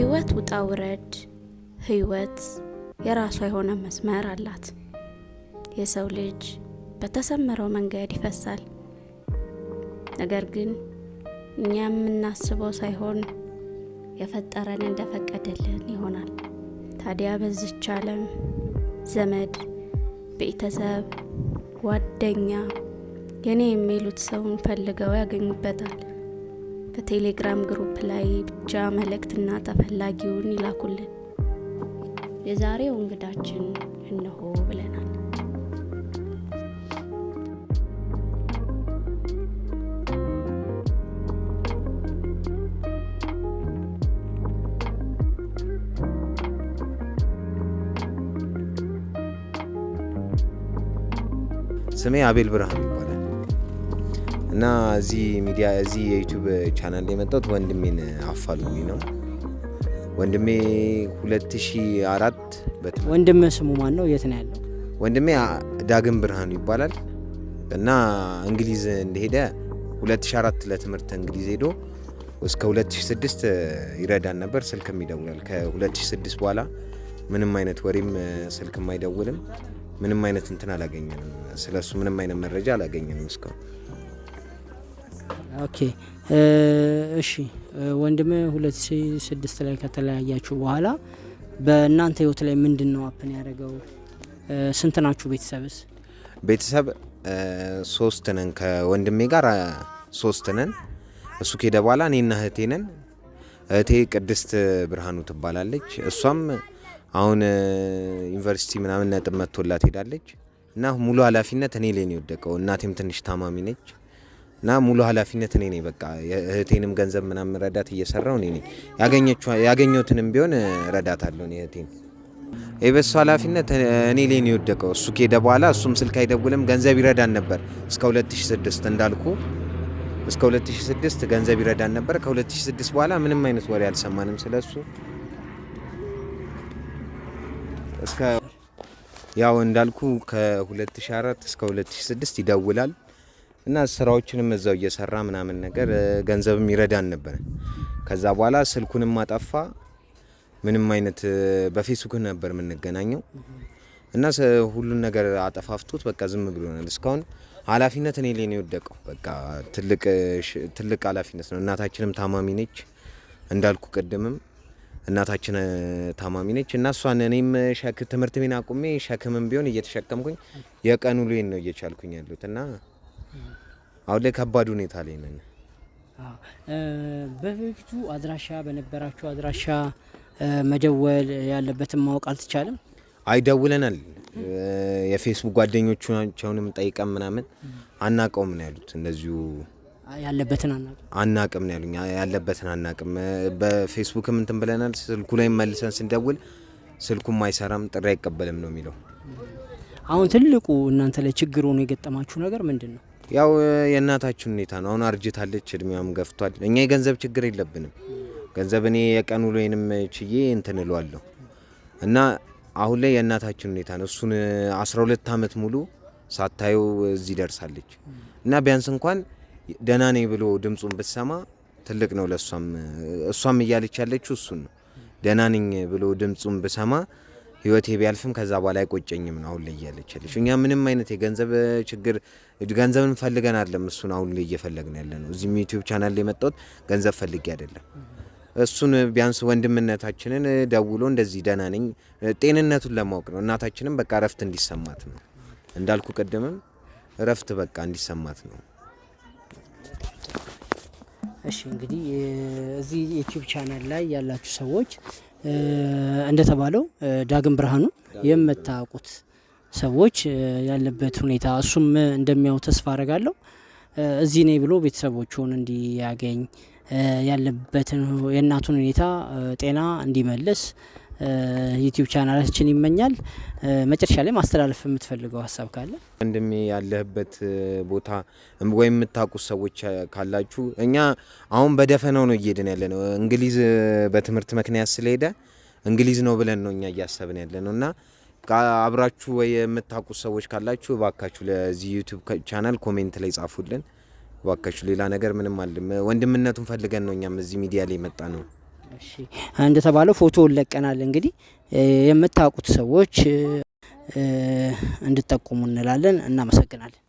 ህይወት ውጣ ውረድ፣ ህይወት የራሷ የሆነ መስመር አላት። የሰው ልጅ በተሰመረው መንገድ ይፈሳል። ነገር ግን እኛ የምናስበው ሳይሆን የፈጠረን እንደፈቀደልን ይሆናል። ታዲያ በዚች አለም ዘመድ፣ ቤተሰብ፣ ጓደኛ የኔ የሚሉት ሰውን ፈልገው ያገኙበታል። በቴሌግራም ግሩፕ ላይ ብቻ መልእክትና ተፈላጊውን ይላኩልን። የዛሬው እንግዳችን እነሆ ብለናል። ስሜ አቤል ብርሃን እና እዚህ ሚዲያ እዚህ የዩቱብ ቻናል ላይ የመጣሁት ወንድሜን አፋልጉኝ ነው። ወንድሜ 2004 በት ወንድም ስሙ ማን ነው? የት ነው ያለው? ወንድሜ ዳግም ብርሃኑ ይባላል እና እንግሊዝ እንደሄደ 2004 ለትምህርት እንግሊዝ ሄዶ እስከ 2006 ይረዳን ነበር። ስልክም ይደውላል። ከ2006 በኋላ ምንም አይነት ወሬም ስልክም አይደውልም። ምንም አይነት እንትን አላገኘንም። ስለሱ ምንም አይነት መረጃ አላገኘንም እስካሁን ኦኬ እሺ ወንድም ሁለት ላይ ከተለያያችሁ በኋላ በእናንተ ህይወት ላይ ምንድን ነው አፕን ያደረገው? ስንት ናችሁ? ቤተሰብስ? ቤተሰብ ሶስት ነን። ከወንድሜ ጋር ሶስት ነን። እሱ ከሄደ በኋላ እኔና እህቴ ነን። እህቴ ቅድስት ብርሃኑ ትባላለች። እሷም አሁን ዩኒቨርሲቲ ምናምን ነጥብ መጥቶላት ሄዳለች እና ሙሉ ኃላፊነት እኔ ላይ ነው የወደቀው። እናቴም ትንሽ ታማሚ ነች። እና ሙሉ ኃላፊነት እኔ ነኝ። በቃ እህቴንም ገንዘብ ምናምን ረዳት እየሰራው እኔ ነኝ። ያገኘሁትንም ቢሆን ረዳት አለሁ እህቴን። የበሱ ኃላፊነት እኔ ላይ ነው የወደቀው። እሱ ከሄደ በኋላ እሱም ስልክ አይደውልም። ገንዘብ ይረዳን ነበር እስከ 2006 እንዳልኩ እስከ 2006 ገንዘብ ይረዳን ነበር። ከ2006 በኋላ ምንም አይነት ወሬ አልሰማንም ስለሱ። እሱ። ያው እንዳልኩ ከ2004 እስከ 2006 ይደውላል እና ስራዎችንም እዛው እየሰራ ምናምን ነገር ገንዘብም ይረዳን ነበር። ከዛ በኋላ ስልኩንም አጠፋ። ምንም አይነት በፌስቡክ ነበር የምንገናኘው እና ሁሉን ነገር አጠፋፍቶት በቃ ዝም ብሎናል። እስካሁን ኃላፊነት እኔ ላይ ነው የወደቀው። በቃ ትልቅ ትልቅ ኃላፊነት ነው። እናታችንም ታማሚ ነች እንዳልኩ ቅድምም እናታችን ታማሚ ነች እና እሷን እኔም ትምህርት ቤን አቁሜ ሸክምም ቢሆን እየተሸከምኩኝ የቀኑ ሌን ነው እየቻልኩኝ ያሉት እና አሁን ላይ ከባድ ሁኔታ ላይ ነን። በበፊቱ አድራሻ በነበራችሁ አድራሻ መደወል ያለበትን ማወቅ አልተቻለም? አይደውለናል። የፌስቡክ ጓደኞቻቸውንም ጠይቀን ምናምን አናቀውም ነው ያሉት። እንደዚሁ ያለበትን አናቅም ነው ያሉኝ። ያለበትን አናቅም። በፌስቡክም እንትን ብለናል። ስልኩ ላይ መልሰን ስንደውል ስልኩም አይሰራም፣ ጥሪ አይቀበልም ነው የሚለው። አሁን ትልቁ እናንተ ላይ ችግር ሆኖ የገጠማችሁ ነገር ምንድን ነው? ያው የእናታችን ሁኔታ ነው። አሁን አርጅታለች፣ እድሜዋም ገፍቷል። እኛ የገንዘብ ችግር የለብንም። ገንዘብ እኔ የቀን ወይንም ችዬ እንትን እለዋለሁ እና አሁን ላይ የእናታችን ሁኔታ ነው። እሱን 12 ዓመት ሙሉ ሳታየው እዚህ ደርሳለች እና ቢያንስ እንኳን ደህና ነኝ ብሎ ድምፁን ብትሰማ ትልቅ ነው ለእሷም እሷም እያለች ያለችው እሱን ነው ደህና ነኝ ብሎ ድምፁን ብሰማ ህይወቴ ቢያልፍም ከዛ በኋላ አይቆጨኝም ነው አሁን ላይ እያለችልሽ። እኛ ምንም አይነት የገንዘብ ችግር ገንዘብን ፈልገን አይደለም እሱን አሁን ላይ እየፈለግን ያለ ነው። እዚህም ዩቲዩብ ቻናል ላይ የመጣሁት ገንዘብ ፈልጌ አይደለም። እሱን ቢያንስ ወንድምነታችንን ደውሎ እንደዚህ ደህና ነኝ ጤንነቱን ለማወቅ ነው። እናታችንም በቃ እረፍት እንዲሰማት ነው እንዳልኩ ቅድምም እረፍት በቃ እንዲሰማት ነው። እሺ እንግዲህ እዚህ ዩቲዩብ ቻናል ላይ ያላችሁ ሰዎች እንደተባለው ዳግም ብርሃኑ የምታውቁት ሰዎች ያለበት ሁኔታ እሱም እንደሚያው ተስፋ አረጋለሁ። እዚህ ነኝ ብሎ ቤተሰቦቹን እንዲያገኝ ያለበትን የእናቱን ሁኔታ ጤና እንዲመልስ ዩቲዩብ ቻናላችን ይመኛል። መጨረሻ ላይ ማስተላለፍ የምትፈልገው ሀሳብ ካለ ወንድሜ፣ ያለህበት ቦታ ወይም የምታውቁት ሰዎች ካላችሁ እኛ አሁን በደፈነው ነው እየሄድን ያለ ነው። እንግሊዝ በትምህርት ምክንያት ስለሄደ እንግሊዝ ነው ብለን ነው እኛ እያሰብን ያለ ነው እና አብራችሁ ወይ የምታውቁት ሰዎች ካላችሁ እባካችሁ ለዚህ ዩቱብ ቻናል ኮሜንት ላይ ጻፉልን እባካችሁ። ሌላ ነገር ምንም አለም ወንድምነቱን ፈልገን ነው እኛም እዚህ ሚዲያ ላይ መጣ ነው። እንደተባለው ፎቶ ለቀናል እንግዲህ የምታውቁት ሰዎች እንድጠቁሙ እንላለን። እናመሰግናለን።